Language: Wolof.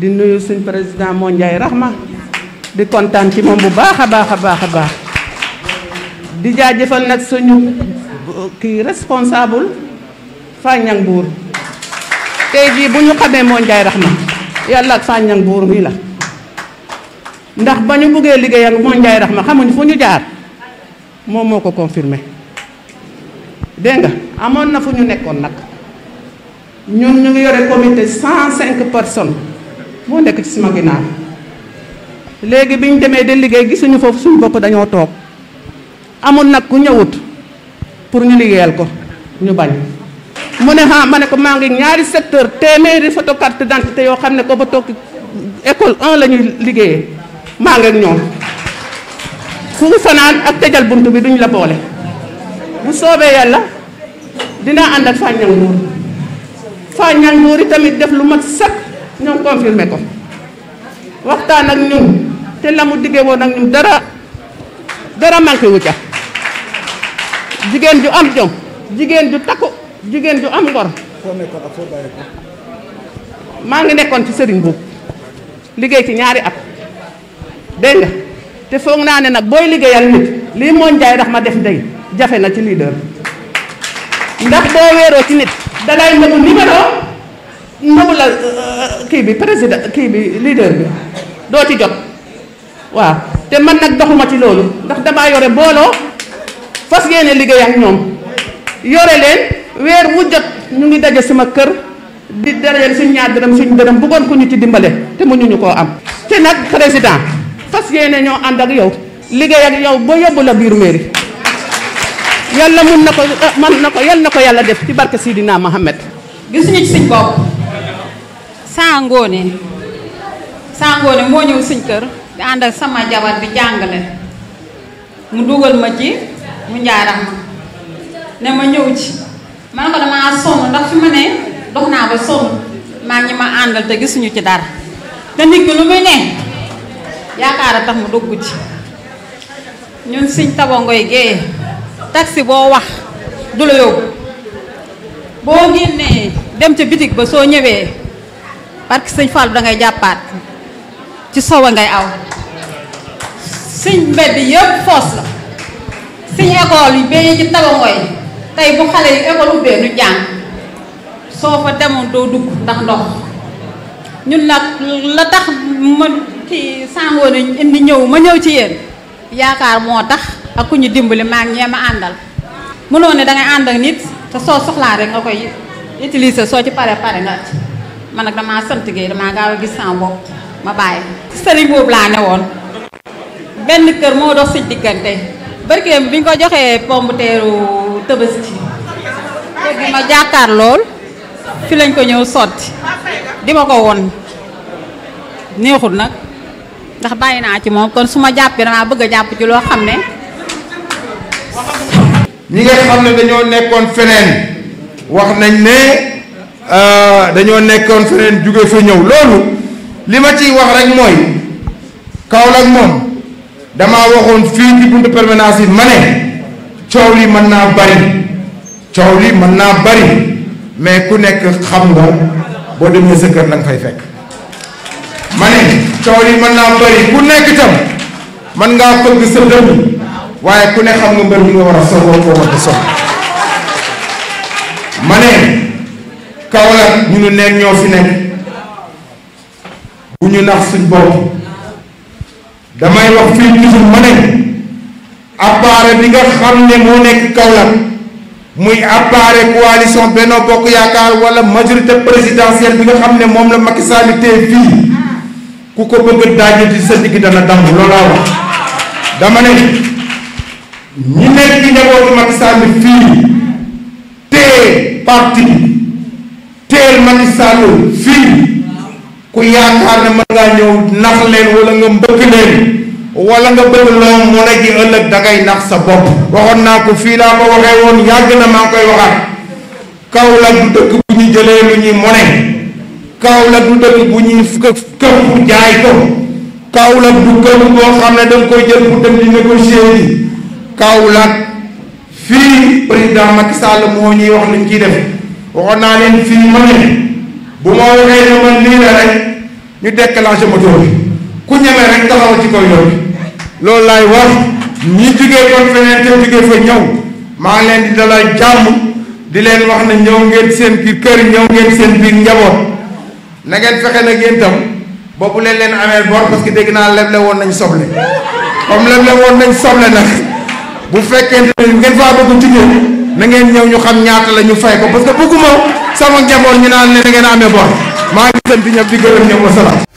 di nuyu suñu président mo ndjay rahma di contane ci mom bu baakha a baakha baax di jaajeufal nak suñu ki responsable fañang bour tay ji buñu xamé mo ndjay rahma yalla ak fañang bour mii la ndax bañu bëggé liggéey ak mo ndjay rahma xamuñ fuñu jaar mom moko ko deng amon na fuñu nekkon nak ñun ñu ngi yoré comité 105 personnes moo nekk ci sama ginnaaw léegi bi ñu demee de liggéey gisuñu foofu suñu bopp dañoo toog amul nag ku ñëwut pour ñu liggéeyal ko ñu bañ mu ne ah ma ne ko maa ngi ñaari secteur téeméeri photo carte d'identité yoo xam ne ko ba toog école 1 la ñuy liggéeyee maa ngi ak ñoom fu fanaan ak tëjal bunt bi duñ la boole bu soobee yàlla dinaa ànd ak fàññal nguur fàññal nguur yi tamit def lu mat sëkk ñoom confirmé ko waxtaan ak ñun te la mu diggee woon ak ñun dara dara manqué ca jigéen ju am jom jigéen ju takku jigéen ju am ngor. foo ko. maa ngi nekkoon ci sëriñ boobu liggéey ci ñaari at dégg nga te foog naa ne nag booy liggéeyal nit lii moo njaay ndax ma def ndey jafe na ci leader ndax boo wéeroo ci nit dalay mënu numéro. Euh, kii bi président kii bi leader bi doo ci jot waaw te man nag doxuma ci loolu ndax damaa yore booloo fas yéene liggéey ak ñoom yore leen weer wu jot ñu ngi daje sama kër di dareel suñ ñaar dërëm suñ dërëm bëggoon ku ñu ci dimbale te mënuñu koo am te nag président fas yéene ñoo ànd ak yow liggéey ak yow ba yóbbu la biir mairie yàlla mun na ko man na ko yal na ko yàlla def ci barke Sidina Mohamed gisuñu ci suñ bopp saa ngoone saa ngoone moo ñëw suñ kër di ànd ak sama jabar di jàngale mu dugal ma ci mu njaarax ma ne ma ñëw ci ma ne ko damaa sonn ndax fi ma ne dox naa ba sonn maa ngi ma àndal te gisuñu ci dara te nit lu muy ne yaakaar a tax mu dugg ci ñun siñ tabangoy géeye taxi boo wax du la yóbbu boo génnee dem ca bitig ba soo ñëwee barke sëñ Fall da ngay jàppaat ci soowa ngay aw suñ mbedd yëpp foos la suñ école yi bee ci bu xale yi école jàng soo fa demoon doo dugg ndax ndox ñun nag la tax ma kii sàngoo indi ñëw ma ñëw ci yéen yaakaar moo tax ak ku ñu dimbali maa ngi ñee ma àndal mënoo ne dangay ànd ak nit te soo soxlaa rek nga koy utiliser soo ci pare pare nga ci man nag damaa sant Guèye dama gaaw gis sa bopp ma bay sëriñ bob la newon ben keur mo moo dox suñ diggante barkeem bi ñu ko joxe pompe teeru tebeski kër ma jakar lol fi lañ ko ñew soti di ma ko won neexul nak ndax bayina ci mom kon suma ma dama bëgg japp ci lo xam ne. ñi nga xam ne nekkon fenen wax nañ ne. Euh, dañoo nekkoon feneen jóge fa ñëw loolu li ma ci wax rek mooy Kaolack moom damaa waxoon fii ci buntu permanence yi ma ne coow li mën naa bari coow li mën naa bari mais ku nekk xam nga boo demee sa la nga fay fekk ma ne coow li mën naa bari ku nekk itam mën ngaa fëgg sa dënn waaye ku ne xam nga mbër mi nga war a soxla koo war a soxla Kaolack ñu nu neen ñoo fi nekk bu ñu nax suñ bopp damay wax fii toujours ma ne appareil bi nga xam ne moo nekk Kaolack muy appareil coalition Benno Bokk Yaakaar wala majorité présidentielle bi nga xam ne moom la Macky Sall tey fii ku ko bëgg daaju ci sa digg dana damm loolaa wax dama ne ñi nekk ci njabootu Macky Sall fii tey parti teel man ni sàllum fii ku yaakaar ne mën nga ñew nax leen wala nga mbëkk leen wala nga bëgg lo mo a gi ëlëk da ngay nax sa bop waxon na ko fi la ko waxe won yàgg na ma koy waxat kaw la du dëkk bu ñu jëlé lu ñi mo ne kaw la du dëkk bu ñuy këpp jaay ko kaw la du këpp bo xamne ne koy jël bu dem di négocier yi kaw la fi président Macky Sall mo ñi wax lu ñi def waxoon naa leen fii ma ne bu ma waxee ne man lii la rek ñu déclenché moto bi ku ñeme rek taxaw ci koy yoon loolu laay wax ñi jugee kon feneen te jugee fa ñëw maa ngi leen di dalal jàmm di leen wax ne ñëw ngeen seen biir kër ñëw ngeen seen biir njaboot na ngeen na nag tam boobu leen leen amee bor parce que dégg naa leble woon nañ soble comme leble woon nañ soble nag bu fekkente ne ngeen faa bëgg jugee na ngeen ñëw ñu xam ñaata la ñu fay ko parce que bëgguma sama njaboot ñu naan ne na ngeen amee bor maa ngi sant ñëpp di gërëm ñëpp wasalaam